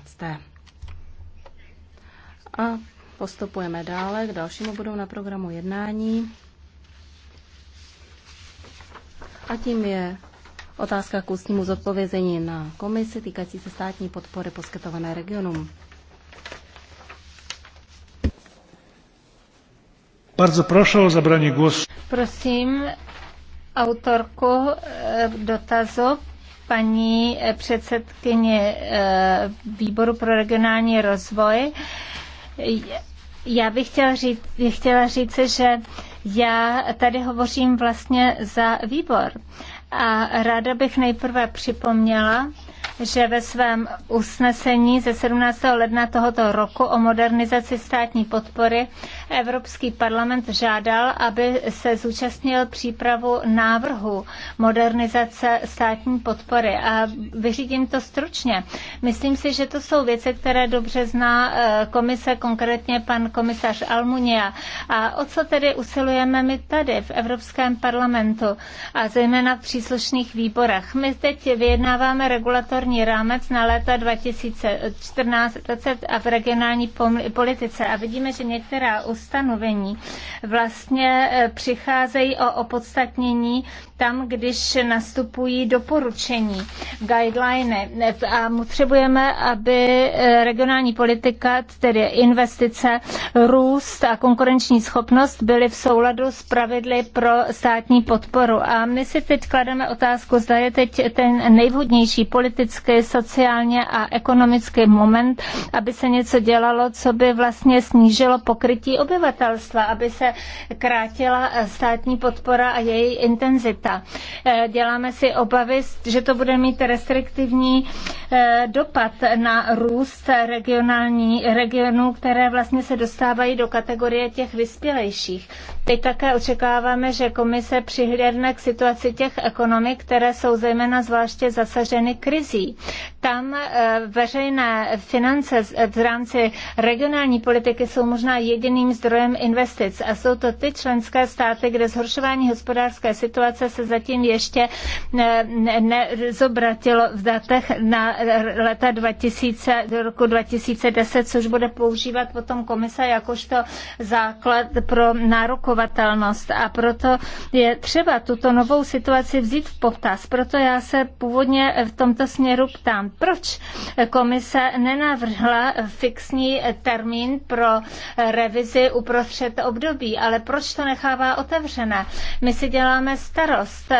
15. A postupujeme dále k dalšímu bodu na programu jednání. A tím je otázka k ústnímu zodpovězení na komisi týkající se státní podpory poskytované regionům. Bardzo proszę o zabranie głosu. Prosím autorku eh, dotazu, paní eh, předsedkyně eh, výboru pro regionální rozvoj. Já bych chtěla říct, chtěla říct, že já tady hovořím vlastně za výbor. A ráda bych nejprve připomněla, že ve svém usnesení ze 17. ledna tohoto roku o modernizaci státní podpory Evropský parlament žádal, aby se zúčastnil přípravu návrhu modernizace státní podpory. A vyřídím to stručně. Myslím si, že to jsou věci, které dobře zná eh, komise, konkrétně pan komisař Almunia. A o co tedy usilujeme my tady v Evropském parlamentu a zejména v příslušných výborech? My teď vyjednáváme regulatory regulatorní rámec na léta 2014 a v regionální politice. A vidíme, že některá ustanovení vlastně eh, přicházejí o opodstatnění tam, když nastupují doporučení, guideliny. A potřebujeme, aby eh, regionální politika, tedy investice, růst a konkurenční schopnost byly v souladu s pravidly pro státní podporu. A my si teď klademe otázku, zda je teď ten nejvhodnější politický politický, sociálně a ekonomický moment, aby se něco dělalo, co by vlastně snížilo pokrytí obyvatelstva, aby se krátila státní podpora a její intenzita. Eh, děláme si obavy, že to bude mít restriktivní eh, dopad na růst regionální, regionů, které vlastně se dostávají do kategorie těch vyspělejších. Teď také očekáváme, že komise přihlédne k situaci těch ekonomik, které jsou zejména zvláště zasaženy krizí financí. Tam eh, veřejné finance v rámci regionální politiky jsou možná jediným zdrojem investic a jsou to ty členské státy, kde zhoršování hospodářské situace se zatím ještě nezobratilo ne, ne v datech na leta 2000, do roku 2010, což bude používat potom komise jakožto základ pro nárokovatelnost. A proto je třeba tuto novou situaci vzít v potaz. Proto já se původně v tomto směru směru ptám, proč komise nenavrhla fixní termín pro revizi uprostřed období, ale proč to nechává otevřené? My si děláme starost,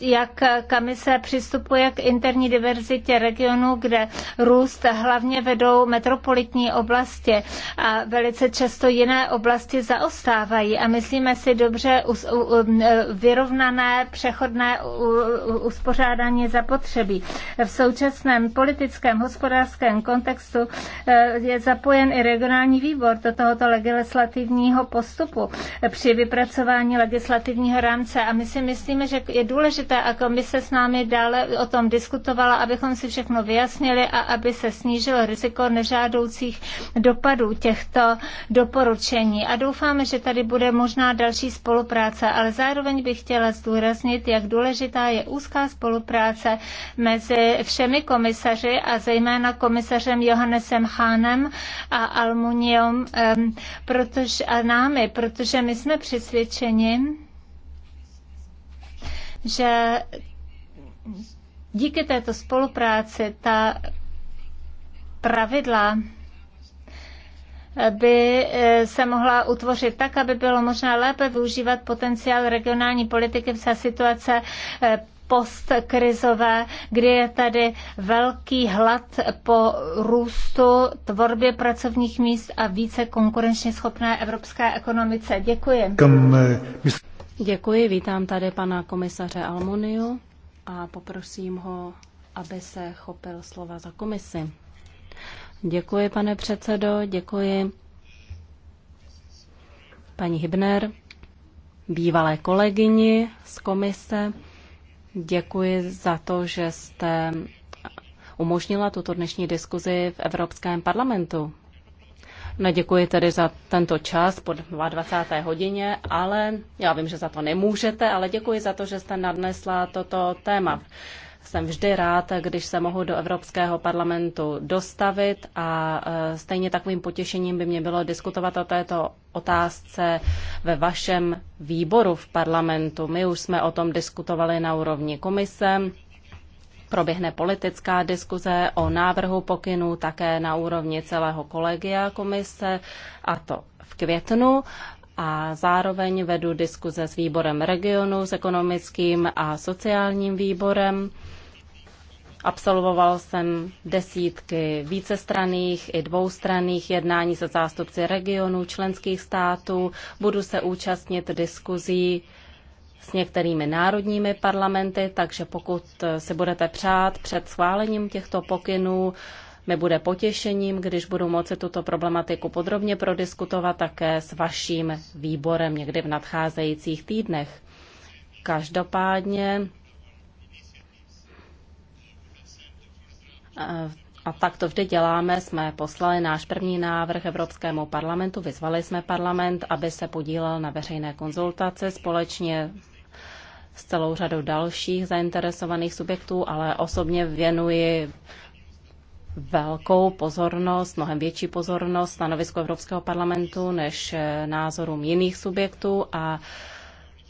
jak komise přistupuje k interní diverzitě regionu, kde růst hlavně vedou metropolitní oblasti a velice často jiné oblasti zaostávají a myslíme si dobře vyrovnané přechodné uspořádání zapotřebí. V současném politickém, hospodářském kontextu eh, je zapojen i regionální výbor do tohoto legislativního postupu eh, při vypracování legislativního rámce. A my si myslíme, že je důležité, a komise s námi dále o tom diskutovala, abychom si všechno vyjasnili a aby se snížilo riziko nežádoucích dopadů těchto doporučení. A doufáme, že tady bude možná další spolupráce, ale zároveň bych chtěla zdůraznit, jak důležitá je úzká spolupráce mezi všemi komisaři a zejména komisařem Johannesem Hánem a Almuniom protože, a námi, protože my jsme přesvědčeni, že díky této spolupráci ta pravidla by e, se mohla utvořit tak, aby bylo možné lépe využívat potenciál regionální politiky za situace e, postkrizové, kdy je tady velký hlad po růstu, tvorbě pracovních míst a více konkurenčně schopné evropské ekonomice. Děkuji. Eh, děkuji, vítám tady pana komisaře Almoniu a poprosím ho, aby se chopil slova za komisi. Děkuji, pane předsedo, děkuji paní Hybner, bývalé kolegyni z komise. Děkuji za to, že jste umožnila tuto dnešní diskuzi v Evropském parlamentu. No, děkuji tedy za tento čas po 22. hodině, ale já vím, že za to nemůžete, ale děkuji za to, že jste nadnesla toto téma jsem vždy rád, když se mohu do Evropského parlamentu dostavit a e, stejně takovým potěšením by mě bylo diskutovat o této otázce ve vašem výboru v parlamentu. My už jsme o tom diskutovali na úrovni komise. Proběhne politická diskuze o návrhu pokynů také na úrovni celého kolegia komise, a to v květnu a zároveň vedu diskuze s výborem regionu, s ekonomickým a sociálním výborem. Absolvoval jsem desítky vícestranných i dvoustranných jednání se zástupci regionů, členských států. Budu se účastnit diskuzí s některými národními parlamenty, takže pokud si budete přát před schválením těchto pokynů, mi bude potěšením, když budu moci tuto problematiku podrobně prodiskutovat také s vaším výborem někdy v nadcházejících týdnech. Každopádně a tak to vždy děláme. Jsme poslali náš první návrh Evropskému parlamentu, vyzvali jsme parlament, aby se podílel na veřejné konzultace společně s celou řadou dalších zainteresovaných subjektů, ale osobně věnuji velkou pozornost, mnohem větší pozornost stanovisku Evropského parlamentu než názorům jiných subjektů a uh,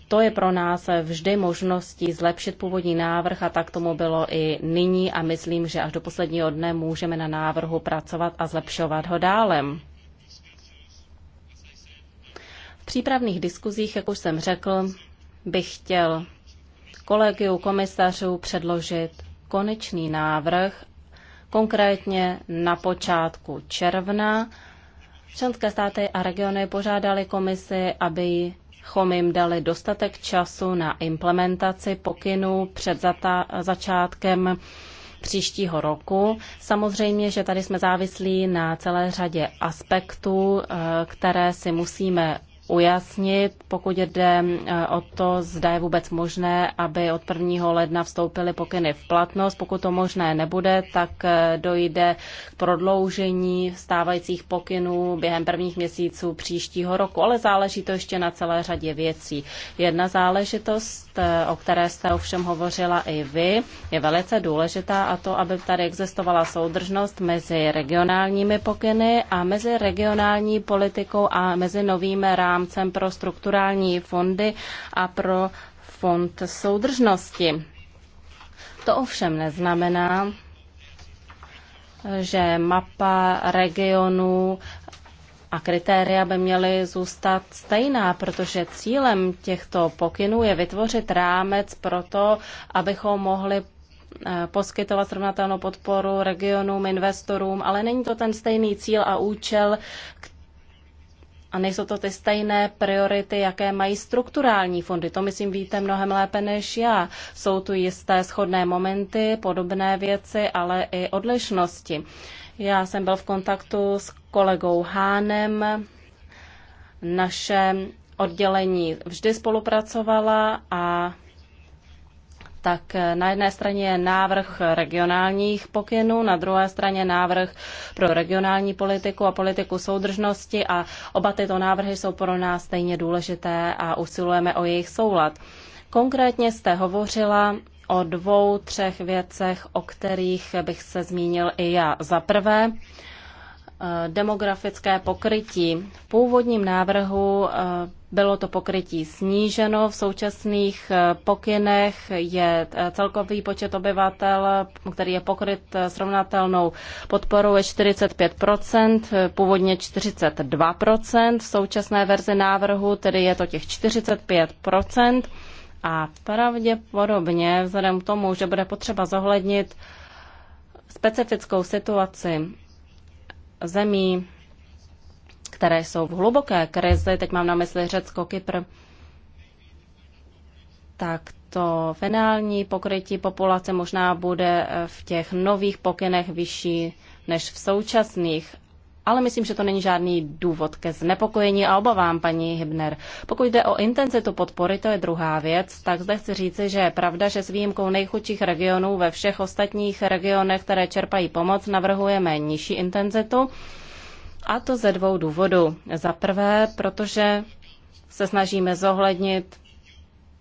to je pro nás vždy možností zlepšit původní návrh a tak tomu bylo i nyní a myslím, že až do posledního dne můžeme na návrhu pracovat a zlepšovat ho dále. V přípravných diskuzích, jak už jsem řekl, bych chtěl kolegiu komisařů předložit konečný návrh, konkrétně na počátku června. Členské státy a regiony požádali komisi, aby abychom jim dali dostatek času na implementaci pokynů před začátkem příštího roku. Samozřejmě, že tady jsme závislí na celé řadě aspektů, eh, které si musíme ujasnit, pokud jde eh, o to, zda je vůbec možné, aby od 1. ledna vstoupily pokyny v platnost. Pokud to možné nebude, tak eh, dojde k prodloužení stávajících pokynů během prvních měsíců příštího roku, ale záleží to ještě na celé řadě věcí. Jedna záležitost, eh, o které jste ovšem hovořila i vy, je velice důležitá a to, aby tady existovala soudržnost mezi regionálními pokyny a mezi regionální politikou a mezi novými rámy rámcem pro strukturální fondy a pro fond soudržnosti. To ovšem neznamená, že mapa regionů a kritéria by měly zůstat stejná, protože cílem těchto pokynů je vytvořit rámec pro to, abychom mohli eh, poskytovat srovnatelnou podporu regionům, investorům, ale není to ten stejný cíl a účel, který a nejsou to ty stejné priority, jaké mají strukturální fondy. To myslím víte mnohem lépe než já. Jsou tu jisté schodné momenty, podobné věci, ale i odlišnosti. Já jsem byl v kontaktu s kolegou Hánem. Naše oddělení vždy spolupracovala a tak na jedné straně je návrh regionálních pokynů, na druhé straně návrh pro regionální politiku a politiku soudržnosti a oba tyto návrhy jsou pro nás stejně důležité a usilujeme o jejich soulad. Konkrétně jste hovořila o dvou, třech věcech, o kterých bych se zmínil i já. Za prvé, eh, demografické pokrytí. V původním návrhu eh, bylo to pokrytí sníženo. V současných eh, pokynech je eh, celkový počet obyvatel, který je pokryt eh, srovnatelnou podporou, je 45 původně 42 v současné verzi návrhu, tedy je to těch 45 a pravděpodobně vzhledem k tomu, že bude potřeba zohlednit specifickou situaci zemí které jsou v hluboké krizi, teď mám na mysli Řecko, Kypr, tak to finální pokrytí populace možná bude v těch nových pokynech vyšší než v současných. Ale myslím, že to není žádný důvod ke znepokojení a obavám, paní Hybner. Pokud jde o intenzitu podpory, to je druhá věc, tak zde chci říci, že je pravda, že s výjimkou nejchudších regionů ve všech ostatních regionech, které čerpají pomoc, navrhujeme nižší intenzitu. A to ze dvou důvodů. Za prvé, protože se snažíme zohlednit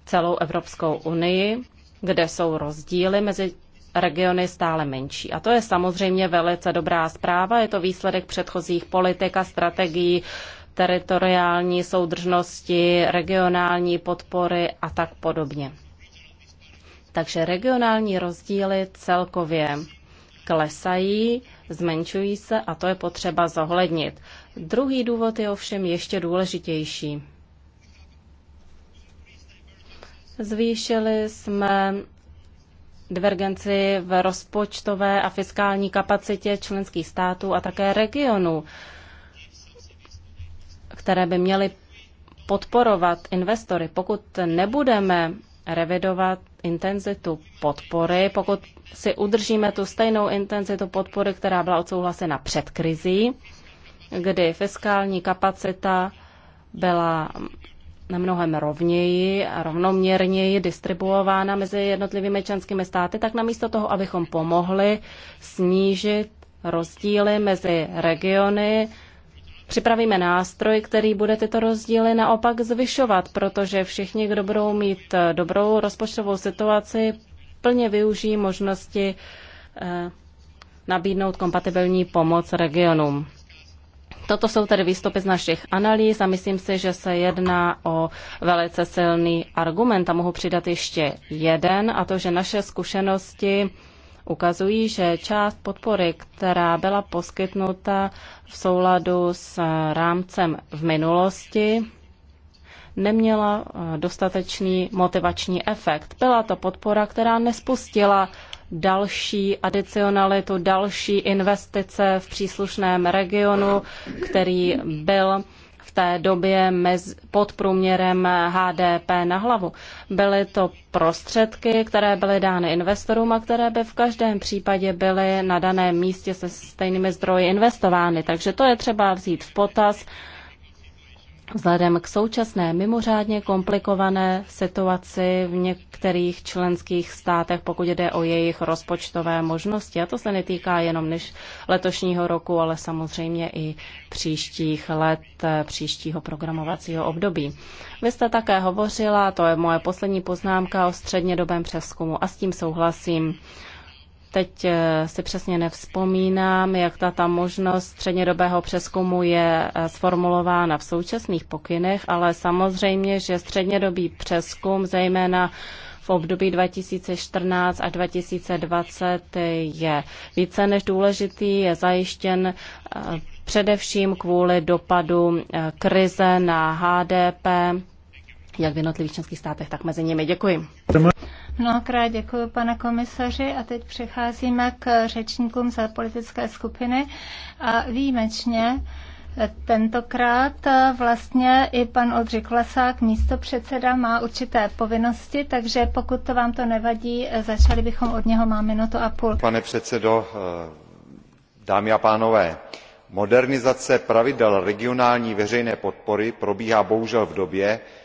celou Evropskou unii, kde jsou rozdíly mezi regiony stále menší. A to je samozřejmě velice dobrá zpráva, je to výsledek předchozích politik a strategií teritoriální soudržnosti, regionální podpory a tak podobně. Takže regionální rozdíly celkově klesají, zmenšují se a to je potřeba zohlednit. Druhý důvod je ovšem ještě důležitější. Zvýšili jsme divergenci v rozpočtové a fiskální kapacitě členských států a také regionů, které by měly podporovat investory. Pokud nebudeme revidovat intenzitu podpory, pokud si udržíme tu stejnou intenzitu podpory, která byla odsouhlasena před krizí, kdy fiskální kapacita byla na mnohem rovněji a rovnoměrněji distribuována mezi jednotlivými členskými státy, tak namísto toho, abychom pomohli snížit rozdíly mezi regiony, připravíme nástroj, který bude tyto rozdíly naopak zvyšovat, protože všichni, kdo budou mít eh, dobrou rozpočtovou situaci, plně využijí možnosti eh, nabídnout kompatibilní pomoc regionům. Toto jsou tedy výstupy z našich analýz a myslím si, že se jedná o velice silný argument a mohu přidat ještě jeden a to, že naše zkušenosti ukazují, že část podpory, která byla poskytnuta v souladu s rámcem v minulosti, neměla eh, dostatečný motivační efekt. Byla to podpora, která nespustila další adicionalitu, další investice v příslušném regionu, který byl té době mez, pod průměrem HDP na hlavu. Byly to prostředky, které byly dány investorům a které by v každém případě byly na daném místě se stejnými zdroji investovány. Takže to je třeba vzít v potaz Vzhledem k současné mimořádně komplikované situaci v některých členských státech, pokud jde o jejich rozpočtové možnosti, a to se netýká jenom než letošního roku, ale samozřejmě i příštích let, eh, příštího programovacího období. Vy jste také hovořila, to je moje poslední poznámka o střednědobém přeskumu a s tím souhlasím. Teď eh, si přesně nevzpomínám, jak ta, ta možnost střednědobého přeskumu je eh, sformulována v současných pokynech, ale samozřejmě, že střednědobý přeskum, zejména v období 2014 a 2020 je více než důležitý, je zajištěn eh, především kvůli dopadu krize na HDP, jak v jednotlivých členských státech, tak mezi nimi. Děkuji. Mnohokrát děkuji, pane komisaři, a teď přecházíme k řečníkům za politické skupiny a výjimečně Tentokrát vlastně i pan Oldřich Lesák, místo předseda, má určité povinnosti, takže pokud to vám to nevadí, začali bychom od něho, má minutu a půl. Pane předsedo, dámy a pánové, modernizace pravidel regionální veřejné podpory probíhá bohužel v době,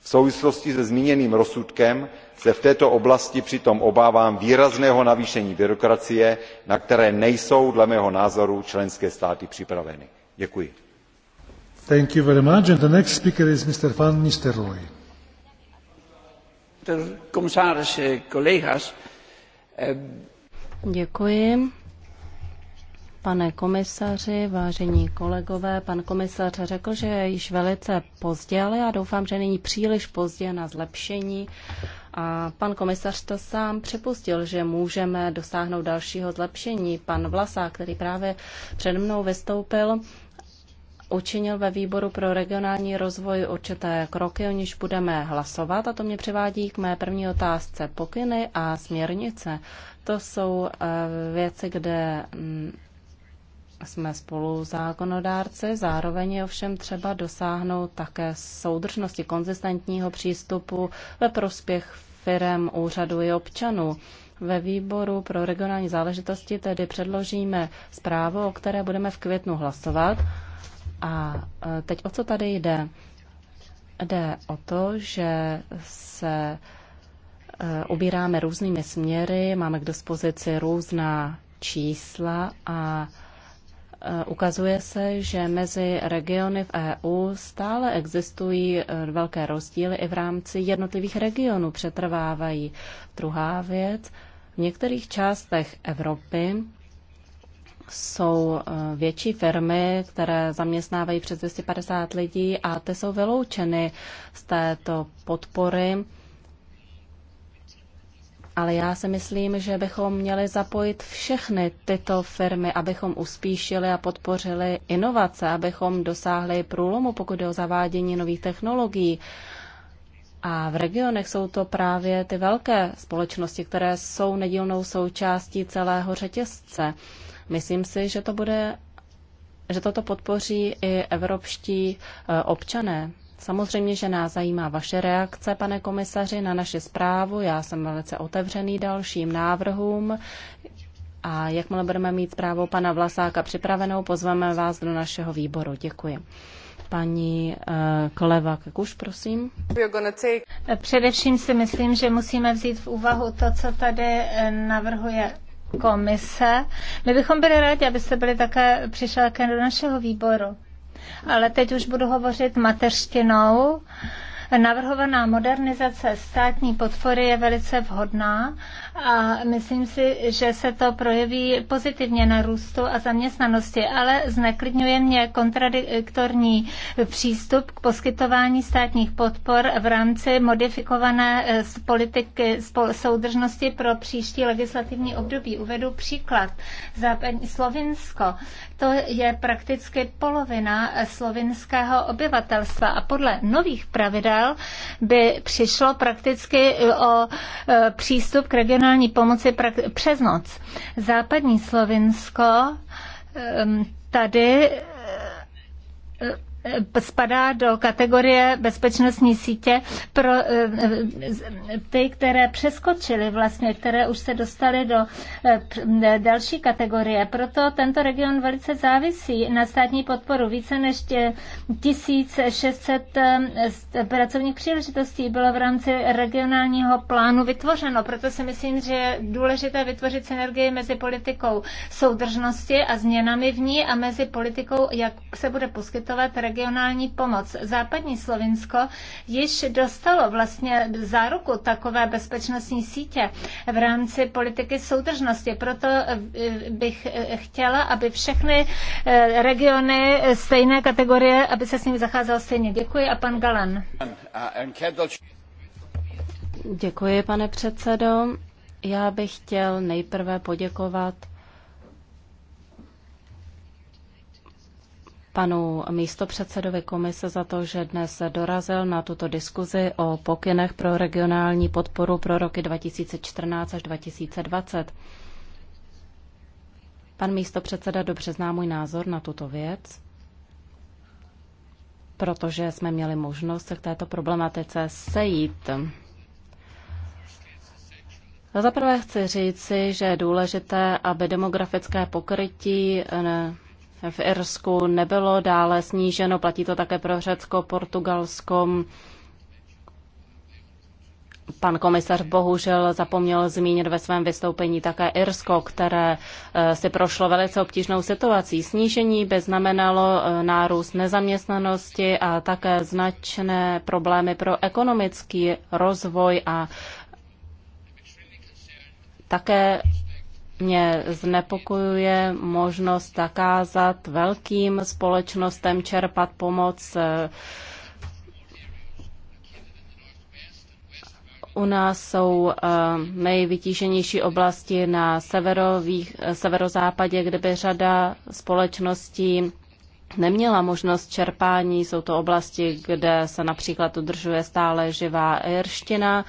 v souvislosti se zmíněným rozsudkem se v této oblasti přitom obávám výrazného navýšení byrokracie na které nejsou dle mého názoru členské státy připraveny. děkuji. Eh, eh, děkuji. Pane komisaři, vážení kolegové, pan komisař řekl, že je již velice pozdě, ale já doufám, že není příliš pozdě na zlepšení. A pan komisař to sám připustil, že můžeme dosáhnout dalšího zlepšení. Pan Vlasák, který právě před mnou vystoupil, učinil ve výboru pro regionální rozvoj určité kroky, o níž budeme hlasovat a to mě přivádí k mé první otázce. Pokyny a směrnice, to jsou eh, věci, kde mm, jsme spolu zákonodárci, zároveň je ovšem třeba dosáhnout také soudržnosti konzistentního přístupu ve prospěch firem, úřadu i občanů. Ve výboru pro regionální záležitosti tedy předložíme zprávu, o které budeme v květnu hlasovat. A e, teď o co tady jde? Jde o to, že se e, ubíráme různými směry, máme k dispozici různá čísla a Eh, ukazuje se, že mezi regiony v EU stále existují eh, velké rozdíly i v rámci jednotlivých regionů přetrvávají. Druhá věc, v některých částech Evropy jsou eh, větší firmy, které zaměstnávají přes 250 lidí a ty jsou vyloučeny z této podpory ale já si myslím, že bychom měli zapojit všechny tyto firmy, abychom uspíšili a podpořili inovace, abychom dosáhli průlomu, pokud jde o zavádění nových technologií. A v regionech jsou to právě ty velké společnosti, které jsou nedílnou součástí celého řetězce. Myslím si, že to bude že toto podpoří i evropští eh, občané. Samozřejmě, že nás zajímá vaše reakce, pane komisaři, na naši zprávu. Já jsem velice otevřený dalším návrhům. A jakmile budeme mít zprávu pana Vlasáka připravenou, pozveme vás do našeho výboru. Děkuji. Paní uh, Koleva Kekuš, prosím. Především si myslím, že musíme vzít v úvahu to, co tady eh, navrhuje komise. My bychom byli rádi, abyste byli také přišel také do našeho výboru ale teď už budu hovořit mateřštinou Navrhovaná modernizace státní podpory je velice vhodná a myslím si, že se to projeví pozitivně na růstu a zaměstnanosti, ale zneklidňuje mě kontradiktorní přístup k poskytování státních podpor v rámci modifikované eh, politiky soudržnosti pro příští legislativní období. Uvedu příklad. Za Slovinsko to je prakticky polovina eh, slovinského obyvatelstva a podle nových pravidel Izrael by přišlo prakticky o e, přístup k regionální pomoci přes noc. Západní Slovinsko e, tady Eh, spadá do kategorie bezpečnostní sítě pro eh, eh, ty, které přeskočily vlastně, které už se dostaly do další kategorie. Proto tento region velice závisí na státní podporu. Více než 1600 pracovních příležitostí bylo v rámci regionálního plánu vytvořeno. Proto si myslím, že je důležité vytvořit synergii mezi politikou soudržnosti a změnami v ní a mezi politikou, jak se bude poskytovat regionální pomoc. Západní Slovinsko již dostalo vlastně záruku takové bezpečnostní sítě v rámci politiky soudržnosti. Proto eh, bych eh, chtěla, aby všechny eh, regiony stejné kategorie, aby se s nimi zacházelo stejně. Děkuji a pan Galan. Děkuji, pane předsedo. Já bych chtěl nejprve poděkovat panu místopředsedovi komise za to, že dnes dorazil na tuto diskuzi o pokynech pro regionální podporu pro roky 2014 až 2020. Pan místopředseda dobře zná můj názor na tuto věc, protože jsme měli možnost se k této problematice sejít. Za prvé chci říci, že je důležité, aby demografické pokrytí eh, v Irsku nebylo dále sníženo. Platí to také pro Řecko, Portugalsko. Pan komisař bohužel zapomněl zmínit ve svém vystoupení také Irsko, které eh, si prošlo velice obtížnou situací. Snížení by znamenalo eh, nárůst nezaměstnanosti a také značné problémy pro ekonomický rozvoj a také mě znepokojuje možnost zakázat velkým společnostem čerpat pomoc u nás jsou eh, nejvytíženější oblasti na severových, eh, severozápadě, kde by řada společností neměla možnost čerpání. Jsou to oblasti, kde se například udržuje stále živá irština.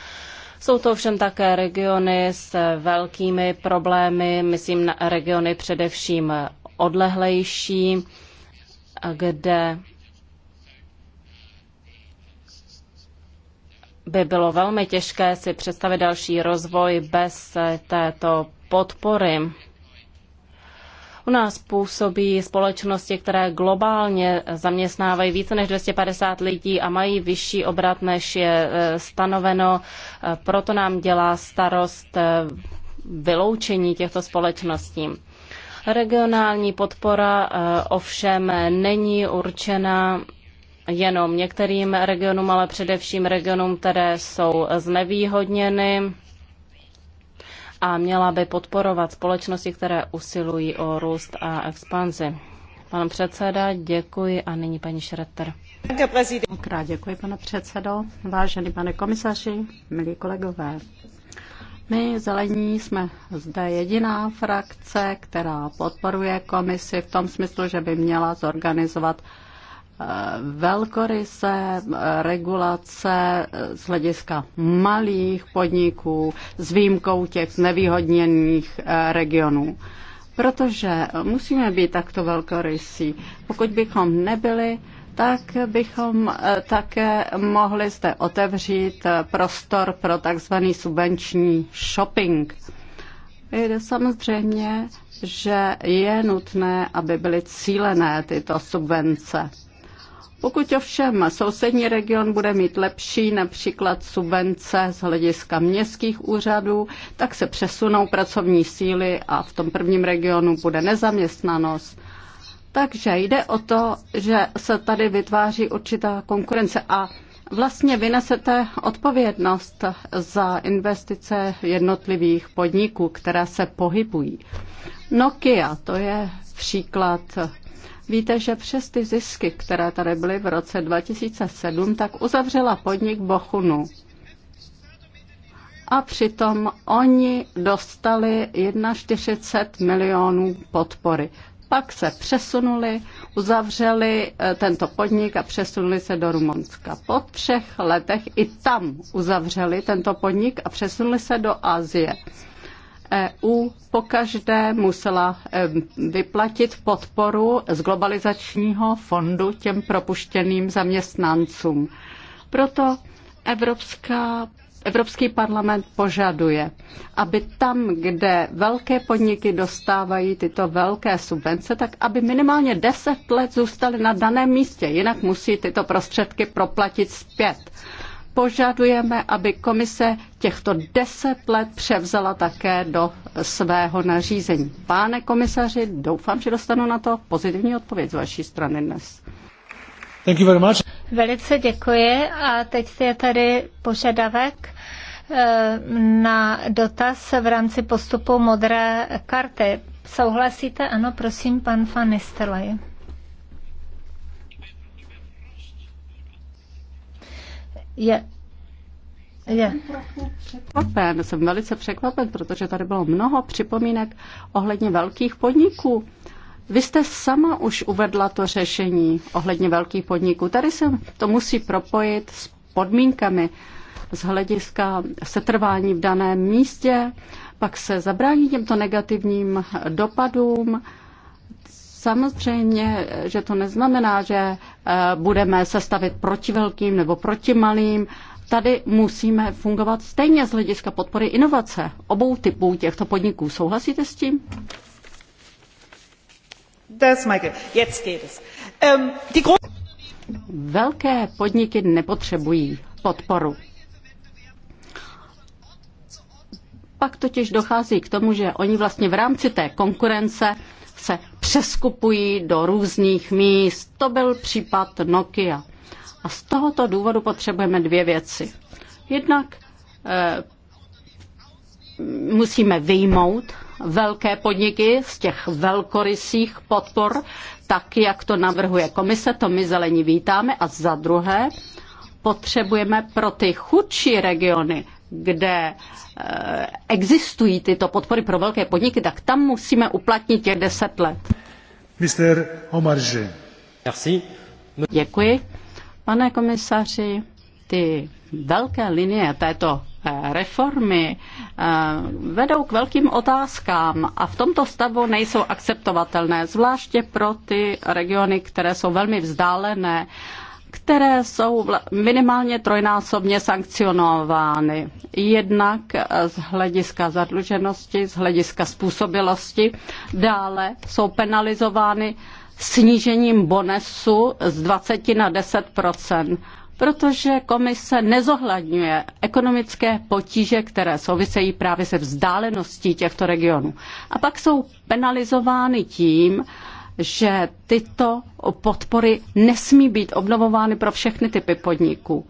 Jsou to ovšem také regiony s velkými problémy, myslím na regiony především odlehlejší, kde by bylo velmi těžké si představit další rozvoj bez této podpory. U nás působí společnosti, které globálně zaměstnávají více než 250 lidí a mají vyšší obrat, než je e, stanoveno. E, proto nám dělá starost e, vyloučení těchto společností. Regionální podpora ovšem není určena jenom některým regionům, ale především regionům, které jsou znevýhodněny a měla by podporovat společnosti, které usilují o růst a expanzi. Pan předseda, děkuji a nyní paní Šretter. Krát děkuji, pane předsedo. Vážený pane komisaři, milí kolegové. My zelení jsme zde jediná frakce, která podporuje komisi v tom smyslu, že by měla zorganizovat velkoryse regulace eh, z hlediska malých podniků s výjimkou těch znevýhodněných eh, regionů. Protože musíme být takto velkorysí. Pokud bychom nebyli, tak bychom eh, také mohli zde otevřít prostor pro takzvaný subvenční shopping. Jde samozřejmě, že je nutné, aby byly cílené tyto subvence. Pokud ovšem sousední region bude mít lepší například subvence z hlediska městských úřadů, tak se přesunou pracovní síly a v tom prvním regionu bude nezaměstnanost. Takže jde o to, že se tady vytváří určitá konkurence a vlastně vynesete odpovědnost za investice jednotlivých podniků, které se pohybují. Nokia, to je příklad Víte, že přes ty zisky, které tady byly v roce 2007, tak uzavřela podnik Bochunu. A přitom oni dostali 41 milionů podpory. Pak se přesunuli, uzavřeli eh, tento podnik a přesunuli se do Rumunska. Po třech letech i tam uzavřeli tento podnik a přesunuli se do Asie. EU pokaždé musela vyplatit podporu z globalizačního fondu těm propuštěným zaměstnancům. Proto Evropská Evropský parlament požaduje, aby tam, kde velké podniky dostávají tyto velké subvence, tak aby minimálně 10 let zůstaly na daném místě, jinak musí tyto prostředky proplatit zpět požadujeme, aby komise těchto deset let převzala také do svého nařízení. Páne komisaři, doufám, že dostanu na to pozitivní odpověď z vaší strany dnes. Thank you very much. Velice děkuji a teď je tady požadavek eh, na dotaz v rámci postupu modré karty. Souhlasíte? Ano, prosím, pan Van Nistelrooy. je je. Překvapen, jsem velice překvapen, protože tady bylo mnoho připomínek ohledně velkých podniků. Vy jste sama už uvedla to řešení ohledně velkých podniků. Tady se to musí propojit s podmínkami z hlediska setrvání v daném místě, pak se zabrání těmto negativním dopadům Samozřejmě, že to neznamená, že eh, budeme se stavit proti velkým nebo proti malým. Tady musíme fungovat stejně z hlediska podpory inovace obou typů těchto podniků. Souhlasíte s tím? Das, Jetzt geht es. Ähm, die Velké podniky nepotřebují podporu. Pak totiž dochází k tomu, že oni vlastně v rámci té konkurence se přeskupují do různých míst. To byl případ Nokia. A z tohoto důvodu potřebujeme dvě věci. Jednak e, musíme vyjmout velké podniky z těch velkorysých podpor, tak jak to navrhuje komise, to my zelení vítáme. A za druhé, potřebujeme pro ty chudší regiony kde eh, existují tyto podpory pro velké podniky, tak tam musíme uplatnit těch deset let. Mr. Omarže. Merci. Děkuji. Pane komisaři, ty velké linie této eh, reformy eh, vedou k velkým otázkám a v tomto stavu nejsou akceptovatelné, zvláště pro ty regiony, které jsou velmi vzdálené které jsou minimálně trojnásobně sankcionovány. Jednak z hlediska zadluženosti, z hlediska způsobilosti, dále jsou penalizovány snížením bonusu z 20 na 10 protože komise nezohledňuje ekonomické potíže, které souvisejí právě se vzdáleností těchto regionů. A pak jsou penalizovány tím, že tyto podpory nesmí být obnovovány pro všechny typy podniků.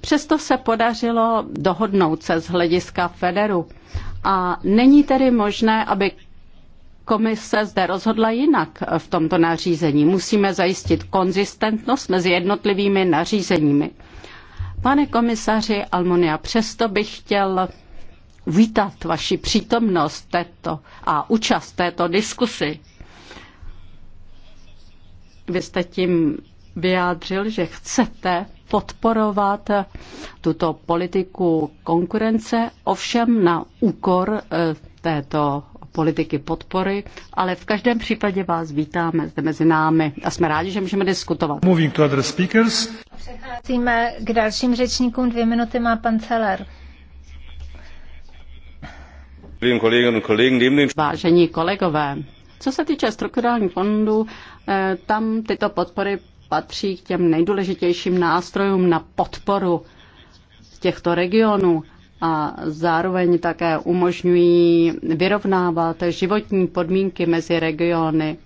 Přesto se podařilo dohodnout se z hlediska Federu a není tedy možné, aby komise zde rozhodla jinak v tomto nařízení. Musíme zajistit konzistentnost mezi jednotlivými nařízeními. Pane komisaři Almonia, přesto bych chtěl vítat vaši přítomnost této a účast této diskusy vy jste tím vyjádřil, že chcete podporovat tuto politiku konkurence, ovšem na úkor e, této politiky podpory, ale v každém případě vás vítáme zde mezi námi a jsme rádi, že můžeme diskutovat. Moving to other speakers. Přecházíme k dalším řečníkům. Dvě minuty má pan Celer. Vážení kolegové, co se týče strukturálních fondů, eh, tam tyto podpory patří k těm nejdůležitějším nástrojům na podporu těchto regionů a zároveň také umožňují vyrovnávat životní podmínky mezi regiony.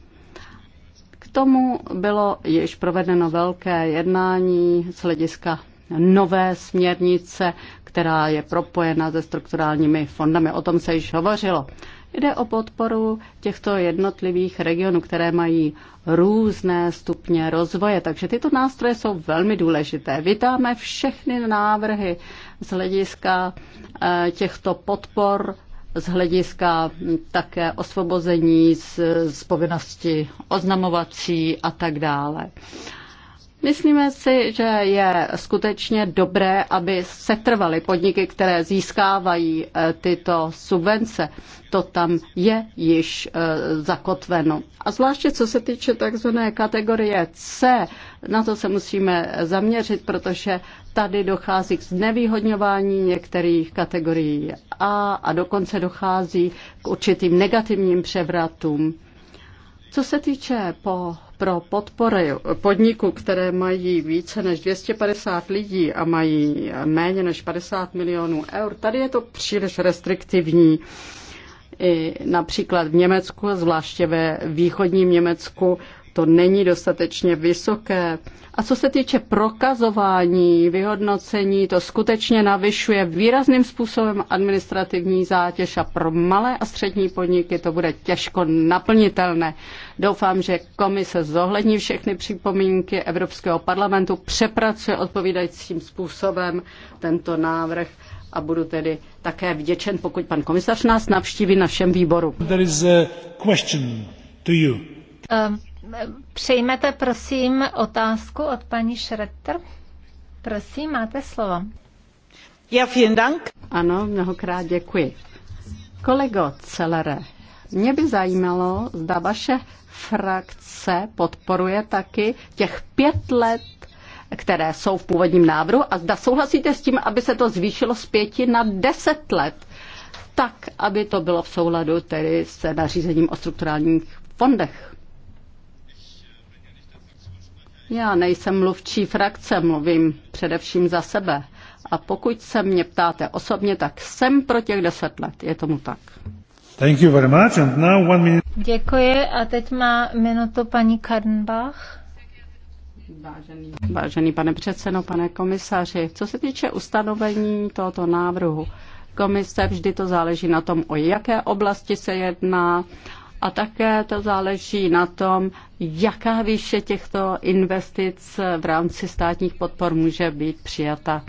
K tomu bylo již provedeno velké jednání z hlediska nové směrnice, která je propojena se strukturálními fondami. O tom se již hovořilo. Jde o podporu těchto jednotlivých regionů, které mají různé stupně rozvoje, takže tyto nástroje jsou velmi důležité. Vítáme všechny návrhy z hlediska eh, těchto podpor z hlediska také osvobození z, z povinnosti oznamovací a tak dále. Myslíme si, že je skutečně dobré, aby setrvaly podniky, které získávají e, tyto subvence. To tam je již e, zakotveno. A zvláště co se týče takzvané kategorie C, na to se musíme zaměřit, protože tady dochází k znevýhodňování některých kategorií A a dokonce dochází k určitým negativním převratům. Co se týče po pro podpory podniků, které mají více než 250 lidí a mají méně než 50 milionů eur, tady je to příliš restriktivní. I například v Německu, zvláště ve východním Německu, to není dostatečně vysoké. A co se týče prokazování, vyhodnocení, to skutečně navyšuje výrazným způsobem administrativní zátěž a pro malé a střední podniky to bude těžko naplnitelné. Doufám, že komise zohlední všechny připomínky Evropského parlamentu, přepracuje odpovídajícím způsobem tento návrh a budu tedy také vděčen, pokud pan komisař nás navštíví na všem výboru. There is a question to you. Um. Přejmete prosím otázku od paní Schretter. Prosím, máte slovo. Ja, vielen Dank. Ano, mnohokrát děkuji. Kolego Celere, mě by zajímalo, zda vaše frakce podporuje taky těch pět let, které jsou v původním návrhu a zda souhlasíte s tím, aby se to zvýšilo z pěti na deset let, tak, aby to bylo v souladu tedy s nařízením o strukturálních fondech. Já nejsem mluvčí frakce, mluvím především za sebe. A pokud se mě ptáte osobně, tak jsem pro těch deset let. Je tomu tak. Thank you very much. And now one minute. Děkuji a teď má minutu paní Karnbach. Vážený. Vážený pane předsedo, pane komisaři, co se týče ustanovení tohoto návrhu, komise vždy to záleží na tom, o jaké oblasti se jedná, a také to záleží na tom, jaká výše těchto investic v rámci státních podpor může být přijata.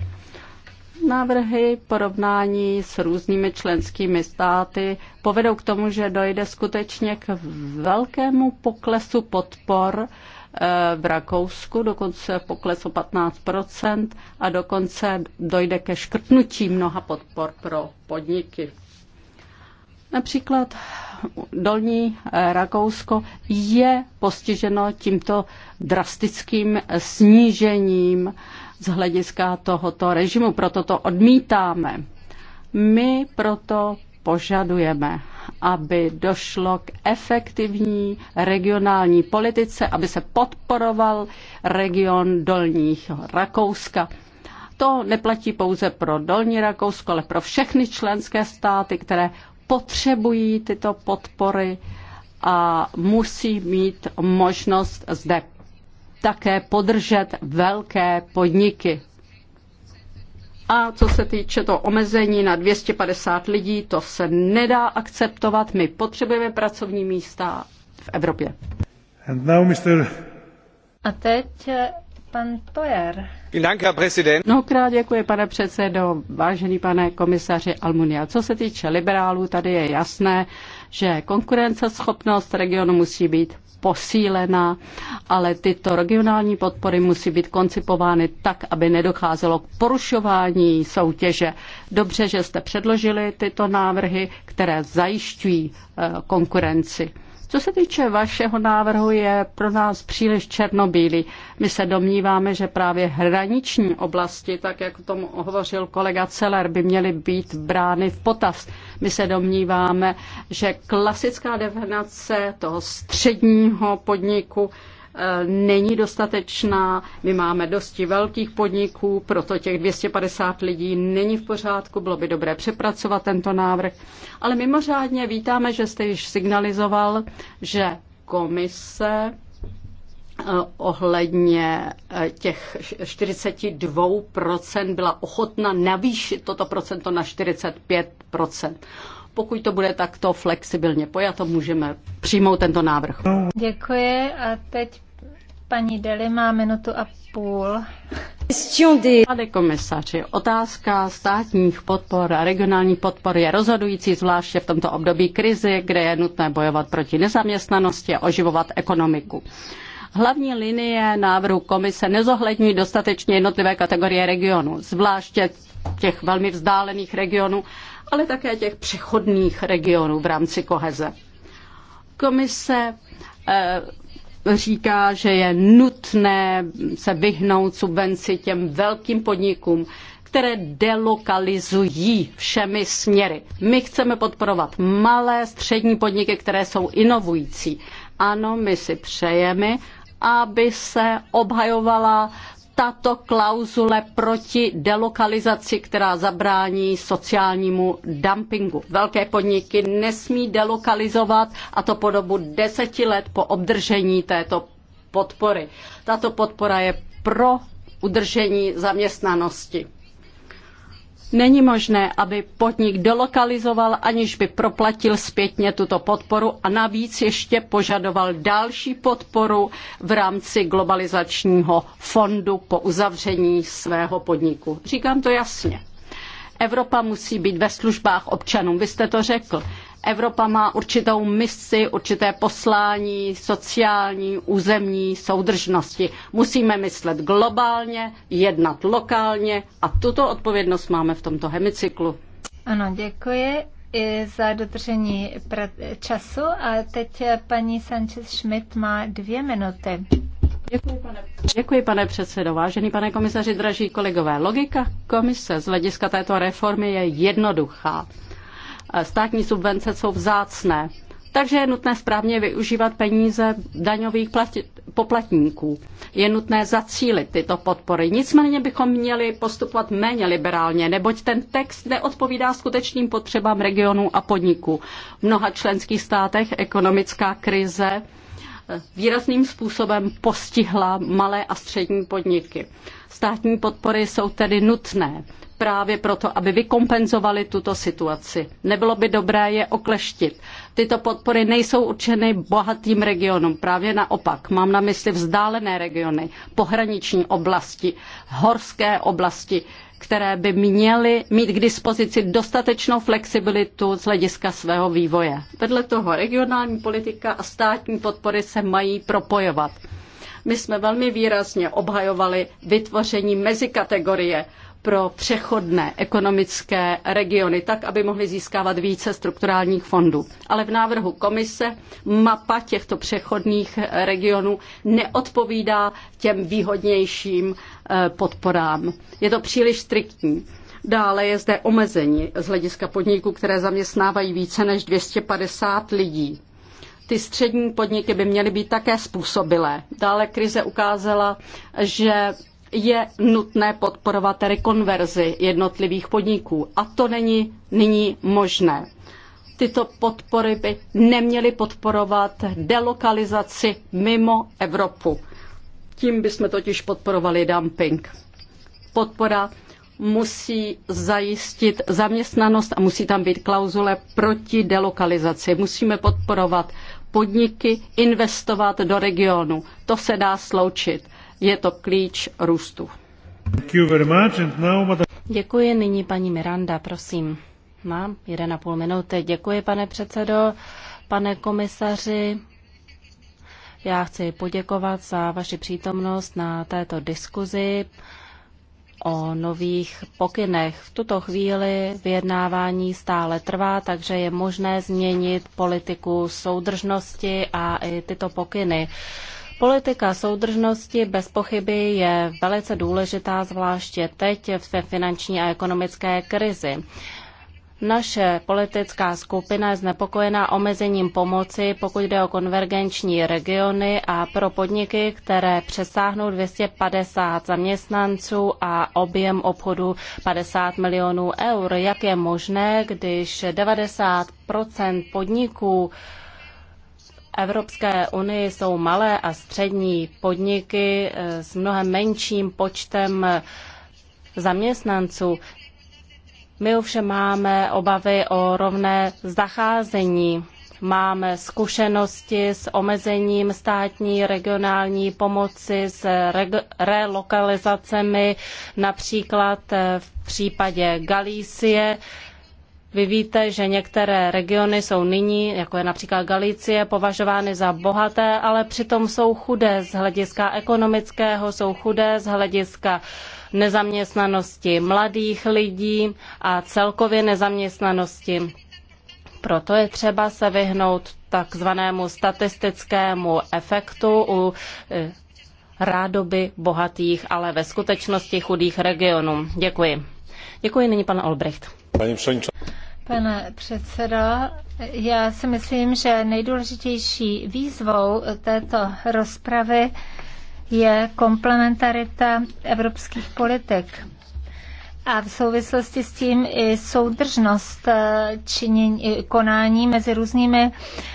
Návrhy porovnání s různými členskými státy povedou k tomu, že dojde skutečně k velkému poklesu podpor eh, v Rakousku, dokonce pokles o 15 a dokonce dojde ke škrtnutí mnoha podpor pro podniky. Například Dolní eh, Rakousko je postiženo tímto drastickým snížením z hlediska tohoto režimu. Proto to odmítáme. My proto požadujeme, aby došlo k efektivní regionální politice, aby se podporoval region Dolních Rakouska. To neplatí pouze pro Dolní Rakousko, ale pro všechny členské státy, které potřebují tyto podpory a musí mít možnost zde také podržet velké podniky. A co se týče to omezení na 250 lidí, to se nedá akceptovat. My potřebujeme pracovní místa v Evropě. And now, Mr. A teď Pan Mnohokrát děkuji, pane předsedo, vážený pane komisaři Almunia. Co se týče liberálů, tady je jasné, že konkurenceschopnost regionu musí být posílena, ale tyto regionální podpory musí být koncipovány tak, aby nedocházelo k porušování soutěže. Dobře, že jste předložili tyto návrhy, které zajišťují eh, konkurenci. Co se týče vašeho návrhu, je pro nás příliš černobílý. My se domníváme, že právě hraniční oblasti, tak jak o tom hovořil kolega Celer, by měly být brány v potaz. My se domníváme, že klasická definace toho středního podniku není dostatečná. My máme dosti velkých podniků, proto těch 250 lidí není v pořádku. Bylo by dobré přepracovat tento návrh. Ale mimořádně vítáme, že jste již signalizoval, že komise eh, ohledně eh, těch 42% byla ochotna navýšit toto procento na 45%. Pokud to bude takto flexibilně pojato, můžeme přijmout tento návrh. Děkuji a teď Paní Deli má minutu a půl. Pane komisaři, otázka státních podpor a regionální podpor je rozhodující, zvláště v tomto období krizi, kde je nutné bojovat proti nezaměstnanosti a oživovat ekonomiku. Hlavní linie návrhu komise nezohledňují dostatečně jednotlivé kategorie regionu, zvláště těch velmi vzdálených regionů, ale také těch přechodných regionů v rámci koheze. Komise eh, říká, že je nutné se vyhnout subvenci těm velkým podnikům, které delokalizují všemi směry. My chceme podporovat malé, střední podniky, které jsou inovující. Ano, my si přejeme, aby se obhajovala tato klauzule proti delokalizaci, která zabrání sociálnímu dumpingu. Velké podniky nesmí delokalizovat a to po dobu deseti let po obdržení této podpory. Tato podpora je pro udržení zaměstnanosti. Není možné, aby podnik delokalizoval, aniž by proplatil zpětně tuto podporu a navíc ještě požadoval další podporu v rámci globalizačního fondu po uzavření svého podniku. Říkám to jasně. Evropa musí být ve službách občanům. Vy jste to řekl. Evropa má určitou misi, určité poslání sociální, územní soudržnosti. Musíme myslet globálně, jednat lokálně a tuto odpovědnost máme v tomto hemicyklu. Ano, děkuji i za dodržení času a teď paní Sanchez Schmidt má dvě minuty. Děkuji pane, děkuji, pane předsedo. Vážený pane komisaři, draží kolegové, logika komise z hlediska této reformy je jednoduchá. Eh, státní subvence jsou vzácné. Takže je nutné správně využívat peníze daňových plati- poplatníků. Je nutné zacílit tyto podpory. Nicméně bychom měli postupovat méně liberálně, neboť ten text neodpovídá skutečným potřebám regionů a podniků. V mnoha členských státech ekonomická krize eh, výrazným způsobem postihla malé a střední podniky. Státní podpory jsou tedy nutné právě proto, aby vykompenzovali tuto situaci. Nebylo by dobré je okleštit. Tyto podpory nejsou určeny bohatým regionům, právě naopak. Mám na mysli vzdálené regiony, pohraniční oblasti, horské oblasti, které by měly mít k dispozici dostatečnou flexibilitu z hlediska svého vývoje. Vedle toho regionální politika a státní podpory se mají propojovat. My jsme velmi výrazně obhajovali vytvoření mezikategorie pro přechodné ekonomické regiony, tak, aby mohly získávat více strukturálních fondů. Ale v návrhu komise mapa těchto přechodných regionů neodpovídá těm výhodnějším eh, podporám. Je to příliš striktní. Dále je zde omezení z hlediska podniků, které zaměstnávají více než 250 lidí. Ty střední podniky by měly být také způsobilé. Dále krize ukázala, že je nutné podporovat rekonverzi jednotlivých podniků a to není nyní možné. Tyto podpory by neměly podporovat delokalizaci mimo Evropu. Tím bychom totiž podporovali dumping. Podpora musí zajistit zaměstnanost a musí tam být klauzule proti delokalizaci. Musíme podporovat podniky, investovat do regionu. To se dá sloučit je to klíč růstu. Děkuji nyní paní Miranda, prosím. Mám 1,5 minuty. Děkuji, pane předsedo, pane komisaři. Já chci poděkovat za vaši přítomnost na této diskuzi o nových pokynech. V tuto chvíli vyjednávání stále trvá, takže je možné změnit politiku soudržnosti a i tyto pokyny. Politika soudržnosti bez pochyby je velice důležitá, zvláště teď ve finanční a ekonomické krizi. Naše politická skupina je znepokojená omezením pomoci, pokud jde o konvergenční regiony a pro podniky, které přesáhnou 250 zaměstnanců a objem obchodu 50 milionů eur. Jak je možné, když 90 podniků Evropské unii jsou malé a střední podniky eh, s mnohem menším počtem eh, zaměstnanců. My ovšem máme obavy o rovné zacházení. Máme zkušenosti s omezením státní regionální pomoci, s relokalizacemi, například eh, v případě Galície, vy víte, že některé regiony jsou nyní, jako je například Galicie, považovány za bohaté, ale přitom jsou chudé z hlediska ekonomického, jsou chudé z hlediska nezaměstnanosti mladých lidí a celkově nezaměstnanosti. Proto je třeba se vyhnout takzvanému statistickému efektu u e, rádoby bohatých, ale ve skutečnosti chudých regionů. Děkuji. Děkuji nyní pan Olbricht. Pane předsedo, já si myslím, že nejdůležitější výzvou této rozpravy je komplementarita evropských politik. A v souvislosti s tím i soudržnost eh, činění, konání mezi různými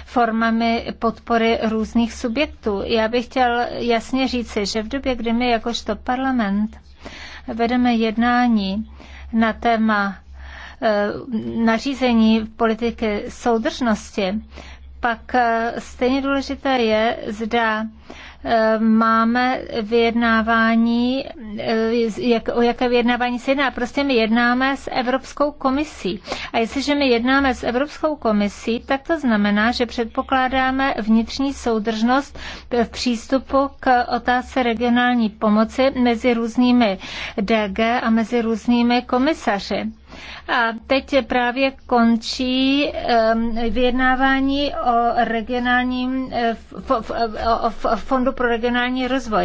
formami podpory různých subjektů. Já bych chtěl jasně říci, že v době, kdy my jakožto parlament vedeme jednání na téma Eh, nařízení politiky soudržnosti, pak eh, stejně důležité je, zda eh, máme vyjednávání, jak, o jaké vyjednávání se jedná. Prostě my jednáme s Evropskou komisí. A jestliže my jednáme s Evropskou komisí, tak to znamená, že předpokládáme vnitřní soudržnost v přístupu k otázce regionální pomoci mezi různými DG a mezi různými komisaři. A teď právě končí ehm, vyjednávání o regionálním eh, o Fondu pro regionální rozvoj.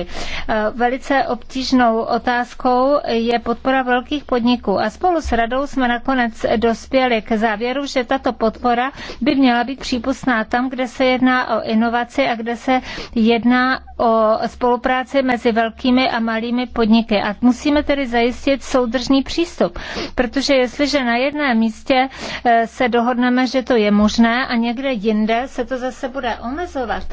Eh, velice obtížnou otázkou je podpora velkých podniků a spolu s radou jsme nakonec dospěli k závěru, že tato podpora by měla být přípustná tam, kde se jedná o inovaci a kde se jedná o spolupráci mezi velkými a malými podniky. A musíme tedy zajistit soudržný přístup, protože jestliže na jednom místě eh, se dohodneme, že to je možné a někde jinde se to zase bude omezovat,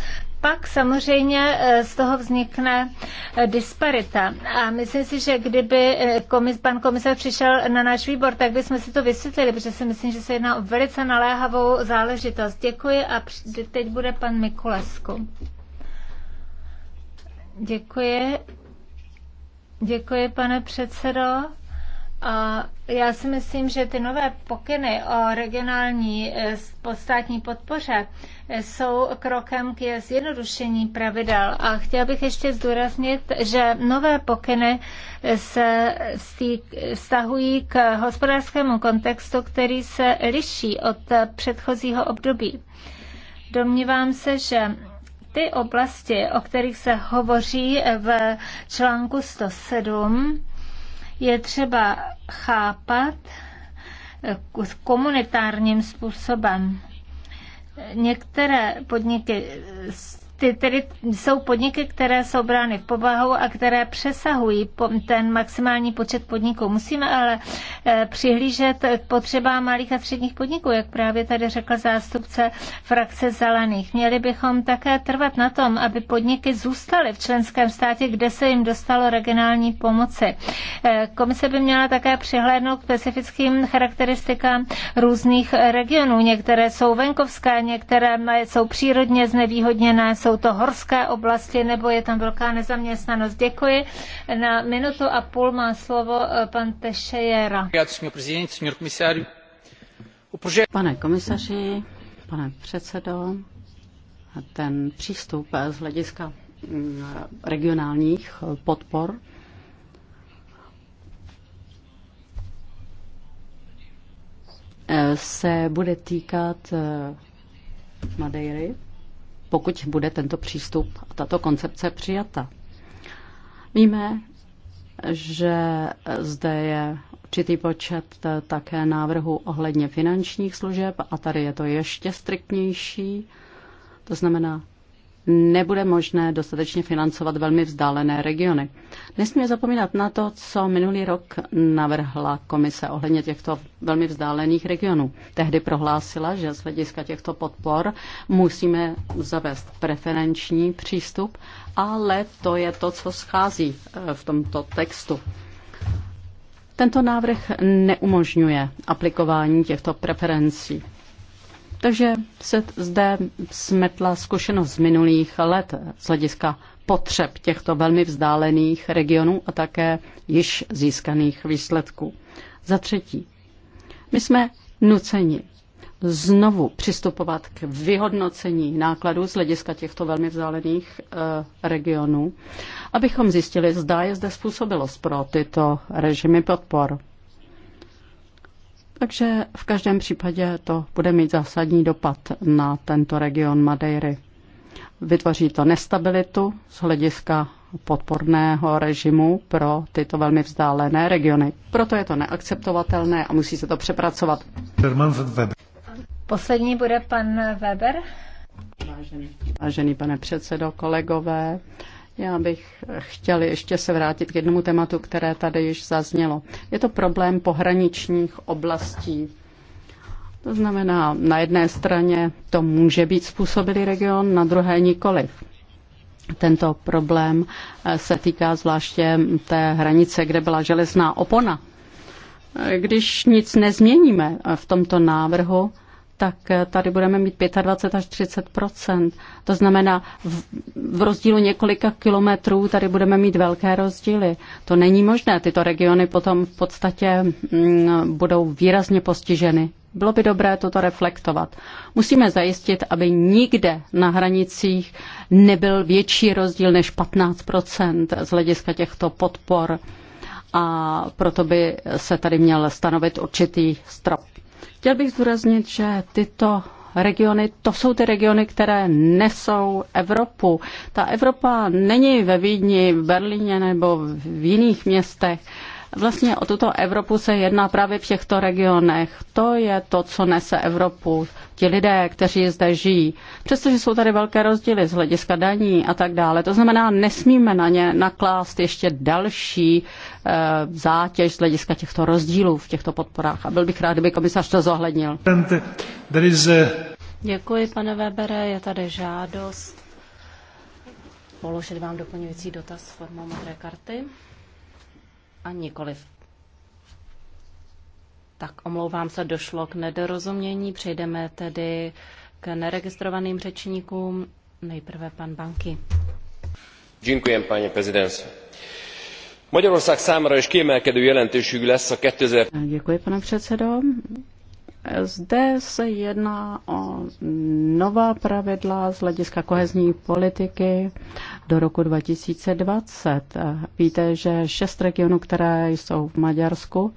pak samozřejmě eh, z toho vznikne eh, disparita. A myslím si, že kdyby komis, pan komisař přišel na náš výbor, tak bychom si to vysvětlili, protože si myslím, že se jedná o velice naléhavou záležitost. Děkuji a teď bude pan Mikulesku. Děkuji. Děkuji, pane předsedo. A já si myslím, že ty nové pokyny o regionální eh, podstátní podpoře eh, jsou krokem k zjednodušení pravidel. A chtěla bych ještě zdůraznit, že nové pokyny eh, se stahují k hospodářskému kontextu, který se liší od předchozího období. Domnívám se, že ty oblasti, o kterých se hovoří v článku 107, je třeba chápat eh, komunitárním způsobem. Některé podniky ty tedy jsou podniky, které jsou brány v povahu a které přesahují ten maximální počet podniků. Musíme ale eh, přihlížet k potřebám malých a středních podniků, jak právě tady řekl zástupce frakce zelených. Měli bychom také trvat na tom, aby podniky zůstaly v členském státě, kde se jim dostalo regionální pomoci. Eh, komise by měla také přihlédnout k specifickým charakteristikám různých regionů. Některé jsou venkovské, některé jsou přírodně znevýhodněné, jsou to horské oblasti nebo je tam velká nezaměstnanost. Děkuji. Na minutu a půl má slovo eh, pan Tešejera. Pane komisaři, pane předsedo, ten přístup eh, z hlediska mm, regionálních eh, podpor se bude týkat Madeiry pokud bude tento přístup a tato koncepce přijata. Víme, že zde je určitý počet také návrhu ohledně finančních služeb a tady je to ještě striktnější. To znamená, nebude možné dostatečně financovat velmi vzdálené regiony. Nesmíme zapomínat na to, co minulý rok navrhla komise ohledně těchto velmi vzdálených regionů. Tehdy prohlásila, že z hlediska těchto podpor musíme zavést preferenční přístup, ale to je to, co schází eh, v tomto textu. Tento návrh neumožňuje aplikování těchto preferencí. Takže se zde smetla zkušenost z minulých let z hlediska potřeb těchto velmi vzdálených regionů a také již získaných výsledků. Za třetí, my jsme nuceni znovu přistupovat k vyhodnocení nákladů z hlediska těchto velmi vzdálených e, regionů, abychom zjistili, zda je zde způsobilost pro tyto režimy podpor. Takže v každém případě to bude mít zásadní dopad na tento region Madeiry. Vytvoří to nestabilitu z hlediska podporného režimu pro tyto velmi vzdálené regiony. Proto je to neakceptovatelné a musí se to přepracovat. Poslední bude pan Weber. Vážený, vážený pane předsedo, kolegové, já bych chtěl ještě se vrátit k jednomu tématu, které tady již zaznělo. Je to problém pohraničních oblastí. To znamená, na jedné straně to může být způsobilý region, na druhé nikoliv. Tento problém eh, se týká zvláště té hranice, kde byla železná opona. Eh, Když nic nezměníme v tomto návrhu, tak eh, tady budeme mít 25 až 30 To znamená, v, v rozdílu několika kilometrů tady budeme mít velké rozdíly. To není možné. Tyto regiony potom v podstatě mm, budou výrazně postiženy. Bylo by dobré toto reflektovat. Musíme zajistit, aby nikde na hranicích nebyl větší rozdíl než 15 z hlediska těchto podpor. A proto by se tady měl stanovit určitý strop. Chtěl bych zdůraznit, že tyto regiony, to jsou ty regiony, které nesou Evropu. Ta Evropa není ve Vídni, v Berlíně nebo v jiných městech. Vlastně o tuto Evropu se jedná právě v těchto regionech. To je to, co nese Evropu. Ti lidé, kteří zde žijí. Přestože jsou tady velké rozdíly z hlediska daní a tak dále. To znamená, nesmíme na ně naklást ještě další e, zátěž z hlediska těchto rozdílů v těchto podporách. A byl bych rád, kdyby komisař to zohlednil. Děkuji, pane Webere. Je tady žádost položit vám doplňující dotaz formou modré karty a nikoliv. Tak omlouvám se, došlo k nedorozumění. Přejdeme tedy k neregistrovaným řečníkům. Nejprve pan Banky. Děkuji, paní prezidencie. Magyarország számára is kiemelkedő jelentőségű lesz a 2000... Děkuji, pane předsedo. Zde se jedná o nová pravidla z hlediska kohezní politiky do roku 2020. Víte, že šest regionů, které jsou v Maďarsku,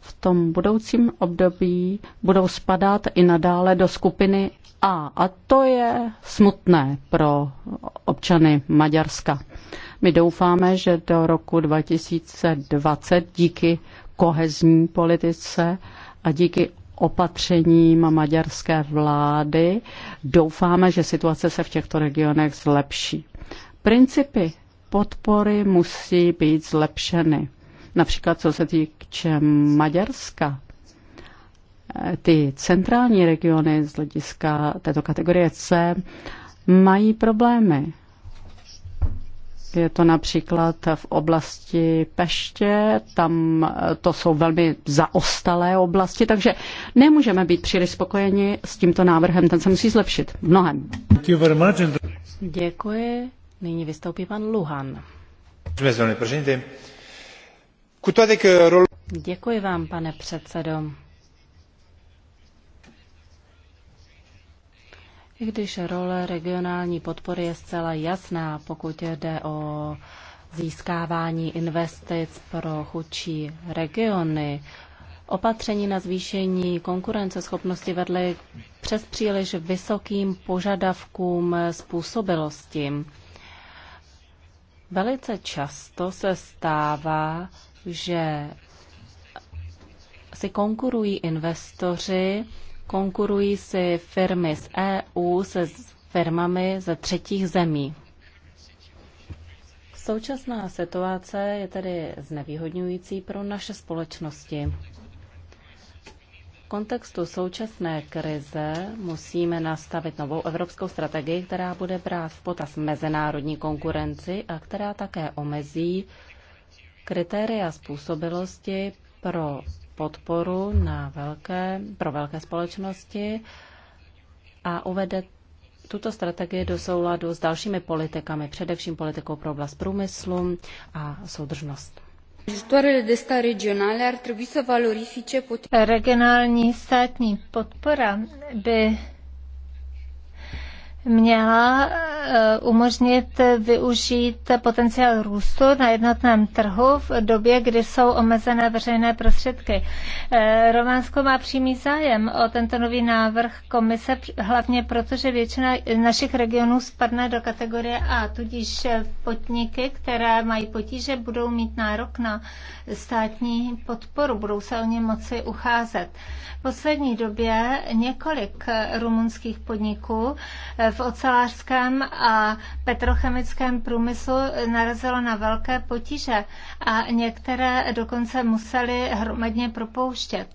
v tom budoucím období budou spadat i nadále do skupiny A. A to je smutné pro občany Maďarska. My doufáme, že do roku 2020 díky kohezní politice a díky opatřením maďarské vlády. Doufáme, že situace se v těchto regionech zlepší. Principy podpory musí být zlepšeny. Například co se týče Maďarska, ty centrální regiony z hlediska této kategorie C mají problémy. Je to například v oblasti Peště, tam eh, to jsou velmi zaostalé oblasti, takže nemůžeme být příliš spokojeni s tímto návrhem, ten se musí zlepšit mnohem. Děkuji. Nyní vystoupí pan Luhan. Děkuji vám, pane předsedo. i když role regionální podpory je zcela jasná, pokud jde o získávání investic pro chudší regiony, Opatření na zvýšení konkurenceschopnosti vedly přes příliš vysokým požadavkům způsobilosti. Velice často se stává, že si konkurují investoři konkurují si firmy z EU se firmami ze třetích zemí. Současná situace je tedy znevýhodňující pro naše společnosti. V kontextu současné krize musíme nastavit novou evropskou strategii, která bude brát v potaz mezinárodní konkurenci a která také omezí kritéria způsobilosti pro podporu na velké, pro velké společnosti a uvede tuto strategii do souladu s dalšími politikami, především politikou pro oblast průmyslu a soudržnost. Regionální státní podpora by měla eh, umožnit využít potenciál růstu na jednotném trhu v době, kdy jsou omezené veřejné prostředky. Eh, Románsko má přímý zájem o tento nový návrh komise, hlavně proto, že většina našich regionů spadne do kategorie A, tudíž podniky, které mají potíže, budou mít nárok na státní podporu, budou se o ně moci ucházet. V poslední době několik rumunských podniků v eh, v ocelářském a petrochemickém průmyslu narazilo na velké potíže a některé dokonce museli hromadně propouštět.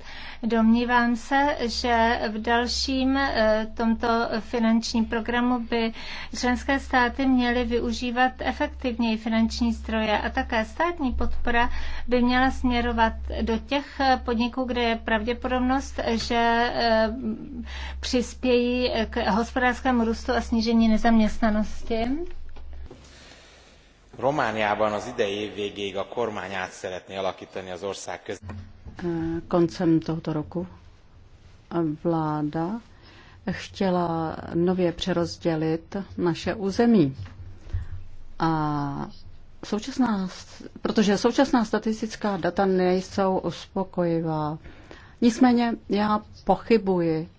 Domnívám se, že v dalším eh, tomto finančním programu by členské státy měly využívat efektivněji finanční stroje a také státní podpora by měla směrovat do těch podniků, kde je pravděpodobnost, že eh, přispějí k hospodářskému růstu růstu a snížení nezaměstnanosti. Romániában az idei év végéig a kormány át szeretné alakítani az ország köz... Eh, koncem tohoto roku vláda chtěla nově přerozdělit naše území. A současná, protože současná statistická data nejsou uspokojivá. Nicméně já pochybuji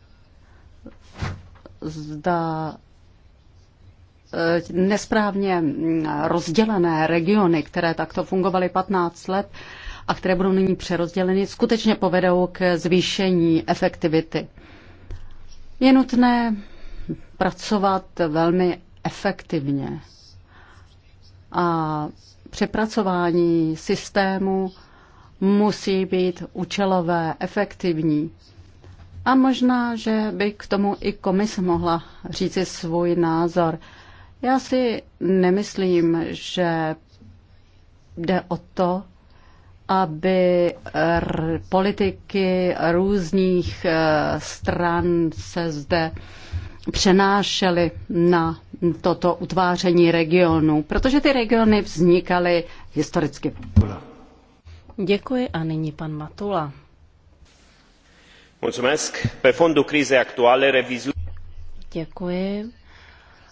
zda eh, nesprávně mm, rozdělené regiony, které takto fungovaly 15 let a které budou nyní přerozděleny, skutečně povedou k zvýšení efektivity. Je nutné pracovat velmi efektivně a přepracování systému musí být účelové, efektivní. A možná, že by k tomu i komise mohla říci svůj názor. Já si nemyslím, že jde o to, aby politiky různých e, stran se zde přenášely na toto utváření regionů, protože ty regiony vznikaly historicky. Děkuji a nyní pan Matula. Pe fondul krize actuale revizu... Děkuji.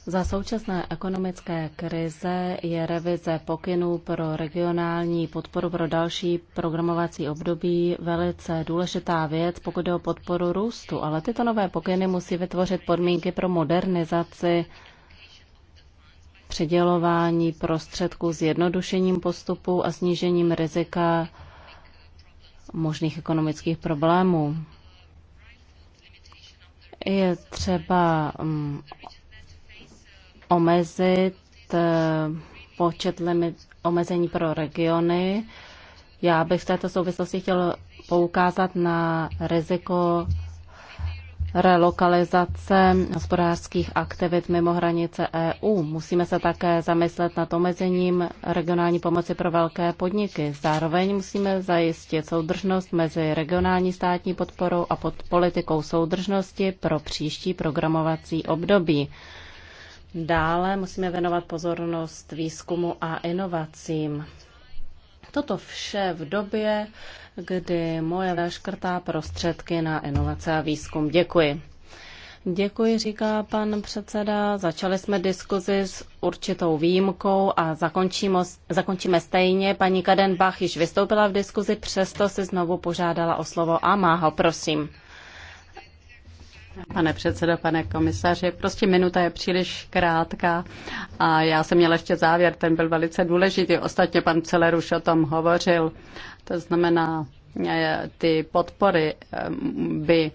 Za současné ekonomické krize je revize pokynů pro regionální podporu pro další programovací období velice důležitá věc, pokud jde o podporu růstu, ale tyto nové pokyny musí vytvořit podmínky pro modernizaci přidělování prostředků jednodušením postupu a snížením rizika možných ekonomických problémů. Je třeba mm, omezit eh, počet limit, omezení pro regiony. Já bych v této souvislosti chtěl poukázat na riziko relokalizace hospodářských aktivit mimo hranice EU. Musíme se také zamyslet nad omezením regionální pomoci pro velké podniky. Zároveň musíme zajistit soudržnost mezi regionální státní podporou a pod politikou soudržnosti pro příští programovací období. Dále musíme věnovat pozornost výzkumu a inovacím. Toto vše v době, kdy moje škrtá prostředky na inovace a výzkum. Děkuji. Děkuji, říká pan předseda. Začali jsme diskuzi s určitou výjimkou a zakončíme, zakončíme stejně. Paní Kadenbach již vystoupila v diskuzi, přesto si znovu požádala o slovo a má ho, prosím. Pane předsedo, pane komisaři, prostě minuta je příliš krátká a já jsem měla ještě závěr, ten byl velice důležitý. Ostatně pan Celer už o tom hovořil. To znamená, eh, ty podpory eh, by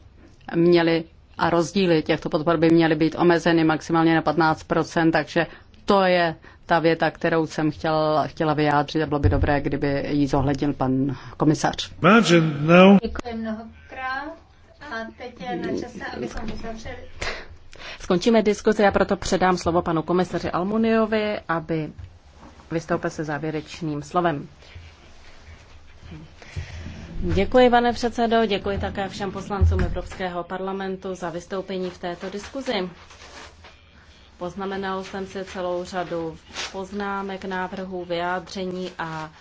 měly a rozdíly těchto podpor by měly být omezeny maximálně na 15%, takže to je ta věta, kterou jsem chtěl, chtěla vyjádřit a bylo by dobré, kdyby ji zohlednil pan komisař. Děkuji mnohokrát. Skončíme diskuzi a proto předám slovo panu komisaři Almuniovi, aby vystoupil se závěrečným slovem. Děkuji, pane předsedo, děkuji také všem poslancům Evropského parlamentu za vystoupení v této diskuzi. Poznamenal jsem si celou řadu poznámek, návrhů, vyjádření a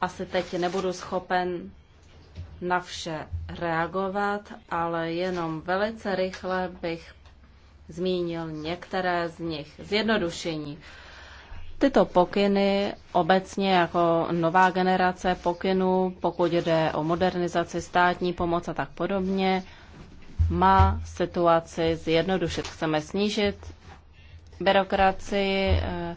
asi teď nebudu schopen na vše reagovat, ale jenom velice rychle bych zmínil některé z nich. Zjednodušení. Tyto pokyny obecně jako nová generace pokynů, pokud jde o modernizaci státní pomoc a tak podobně, má situaci zjednodušit. Chceme snížit byrokracii, eh,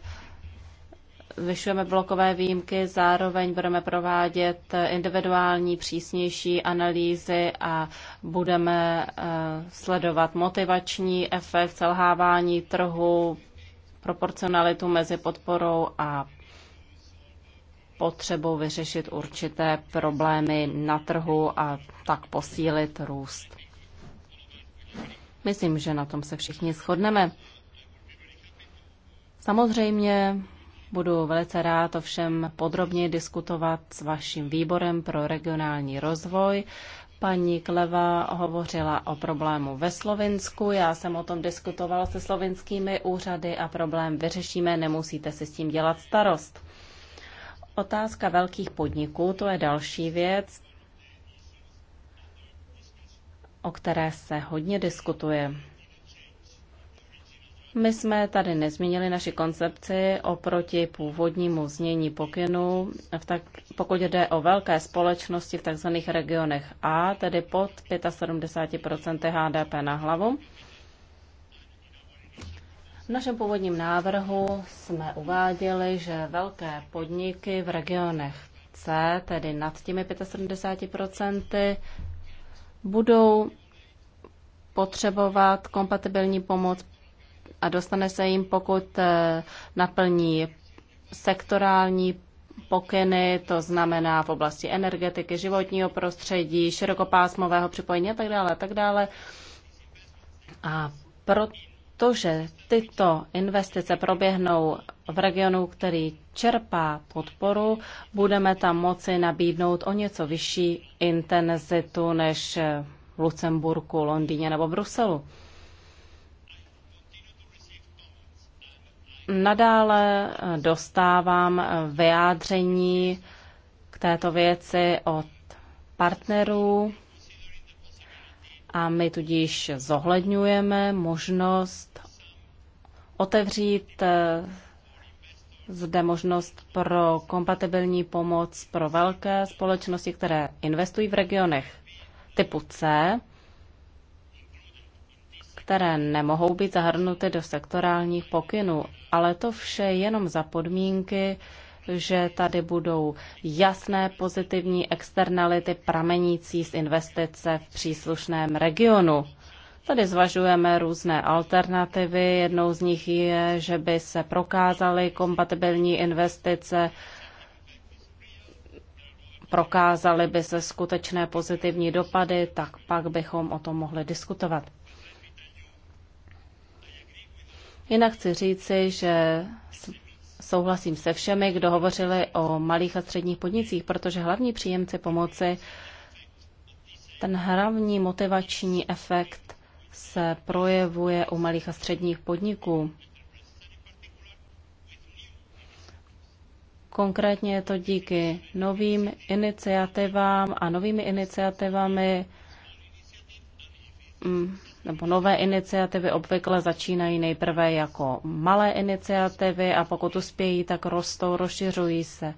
zvyšujeme blokové výjimky, zároveň budeme provádět individuální přísnější analýzy a budeme eh, sledovat motivační efekt, selhávání trhu, proporcionalitu mezi podporou a potřebou vyřešit určité problémy na trhu a tak posílit růst. Myslím, že na tom se všichni shodneme. Samozřejmě Budu velice rád ovšem podrobně diskutovat s vaším výborem pro regionální rozvoj. Paní Kleva hovořila o problému ve Slovinsku. Já jsem o tom diskutovala se slovenskými úřady a problém vyřešíme, nemusíte si s tím dělat starost. Otázka velkých podniků, to je další věc, o které se hodně diskutuje. My jsme tady nezmínili naši koncepci oproti původnímu znění pokynu, v tak, pokud jde o velké společnosti v tzv. regionech A, tedy pod 75 HDP na hlavu. V našem původním návrhu jsme uváděli, že velké podniky v regionech C, tedy nad těmi 75 budou potřebovat kompatibilní pomoc a dostane se jim, pokud eh, naplní sektorální pokyny, to znamená v oblasti energetiky, životního prostředí, širokopásmového připojení a tak dále, a tak dále. A protože tyto investice proběhnou v regionu, který čerpá podporu, budeme tam moci nabídnout o něco vyšší intenzitu než v Lucemburku, Londýně nebo Bruselu. nadále dostávám vyjádření k této věci od partnerů a my tudíž zohledňujeme možnost otevřít eh, zde možnost pro kompatibilní pomoc pro velké společnosti, které investují v regionech typu C, které nemohou být zahrnuty do sektorálních pokynů, ale to vše jenom za podmínky, že tady budou jasné pozitivní externality pramenící z investice v příslušném regionu. Tady zvažujeme různé alternativy. Jednou z nich je, že by se prokázaly kompatibilní investice, prokázaly by se skutečné pozitivní dopady, tak pak bychom o tom mohli diskutovat. Jinak chci říci, že souhlasím se všemi, kdo hovořili o malých a středních podnicích, protože hlavní příjemci pomoci, ten hlavní motivační efekt se projevuje u malých a středních podniků. Konkrétně je to díky novým iniciativám a novými iniciativami mm, nebo nové iniciativy obvykle začínají nejprve jako malé iniciativy a pokud uspějí, tak rostou, rozšiřují se.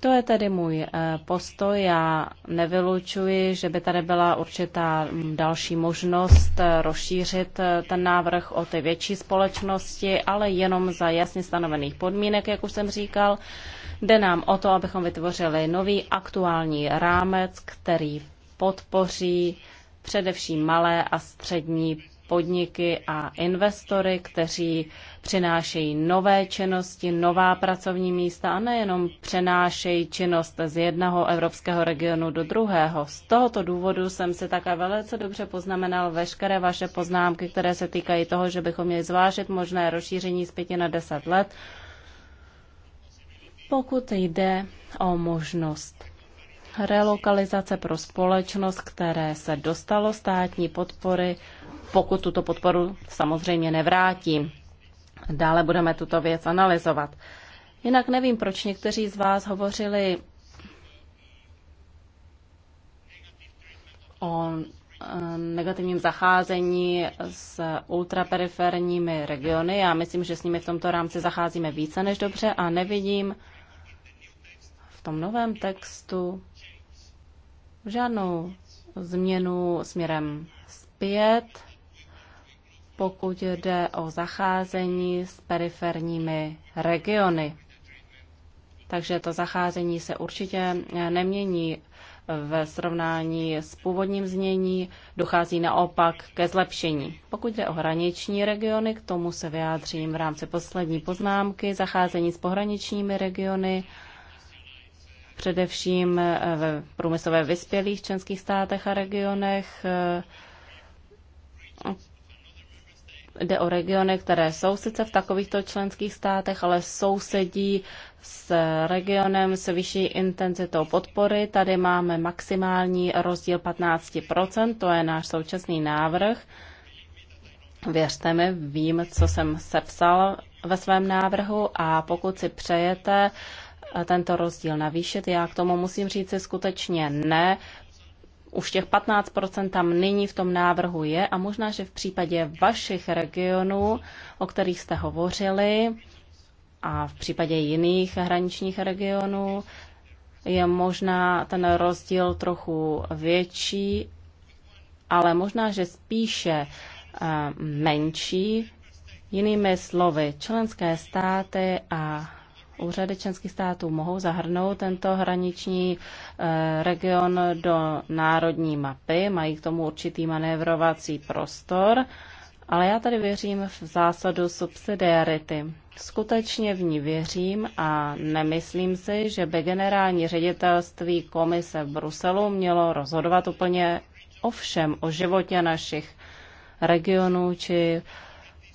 To je tedy můj eh, postoj. Já nevylučuji, že by tady byla určitá mm, další možnost eh, rozšířit eh, ten návrh o ty větší společnosti, ale jenom za jasně stanovených podmínek, jak už jsem říkal. Jde nám o to, abychom vytvořili nový aktuální rámec, který podpoří především malé a střední podniky a investory, kteří přinášejí nové činnosti, nová pracovní místa a nejenom přenášejí činnost z jednoho evropského regionu do druhého. Z tohoto důvodu jsem si také velice dobře poznamenal veškeré vaše poznámky, které se týkají toho, že bychom měli zvážit možné rozšíření z pěti na deset let, pokud jde o možnost relokalizace pro společnost, které se dostalo státní podpory, pokud tuto podporu samozřejmě nevrátí. Dále budeme tuto věc analyzovat. Jinak nevím, proč někteří z vás hovořili o eh, negativním zacházení s ultraperiferními regiony. Já myslím, že s nimi v tomto rámci zacházíme více než dobře a nevidím v tom novém textu žádnou změnu směrem zpět, pokud jde o zacházení s periferními regiony. Takže to zacházení se určitě nemění ve srovnání s původním znění, dochází naopak ke zlepšení. Pokud jde o hraniční regiony, k tomu se vyjádřím v rámci poslední poznámky, zacházení s pohraničními regiony, především v průmyslově vyspělých členských státech a regionech. Jde o regiony, které jsou sice v takovýchto členských státech, ale sousedí s regionem s vyšší intenzitou podpory. Tady máme maximální rozdíl 15%, to je náš současný návrh. Věřte mi, vím, co jsem sepsal ve svém návrhu a pokud si přejete, tento rozdíl navýšit. Já k tomu musím říct skutečně ne. Už těch 15% tam nyní v tom návrhu je a možná, že v případě vašich regionů, o kterých jste hovořili, a v případě jiných hraničních regionů je možná ten rozdíl trochu větší, ale možná, že spíše eh, menší. Jinými slovy, členské státy a úřady členských států mohou zahrnout tento hraniční eh, region do národní mapy, mají k tomu určitý manévrovací prostor, ale já tady věřím v zásadu subsidiarity. Skutečně v ní věřím a nemyslím si, že by generální ředitelství komise v Bruselu mělo rozhodovat úplně o všem, o životě našich regionů či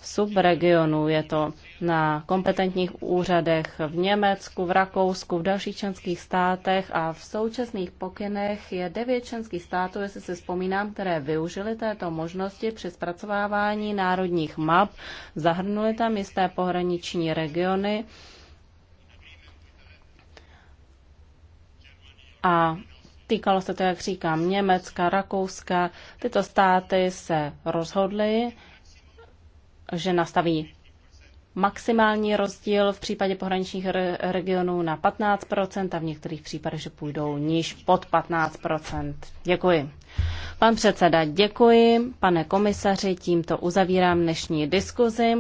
subregionů. Je to na kompetentních úřadech v Německu, v Rakousku, v dalších členských státech a v současných pokynech je devět členských států, jestli si vzpomínám, které využili této možnosti při zpracovávání národních map, zahrnuly tam jisté pohraniční regiony a Týkalo se to, jak říkám, Německa, Rakouska. Tyto státy se rozhodly, že nastaví maximální rozdíl v případě pohraničních re- regionů na 15% a v některých případech, že půjdou níž pod 15%. Děkuji. Pan předseda, děkuji. Pane komisaři, tímto uzavírám dnešní diskuzi.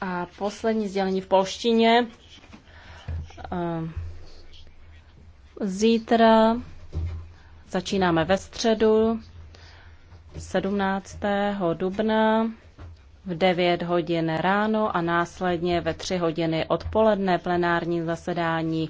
A poslední sdělení v polštině. Eh, zítra začínáme ve středu 17. dubna v 9 hodin ráno a následně ve 3 hodiny odpoledne plenární zasedání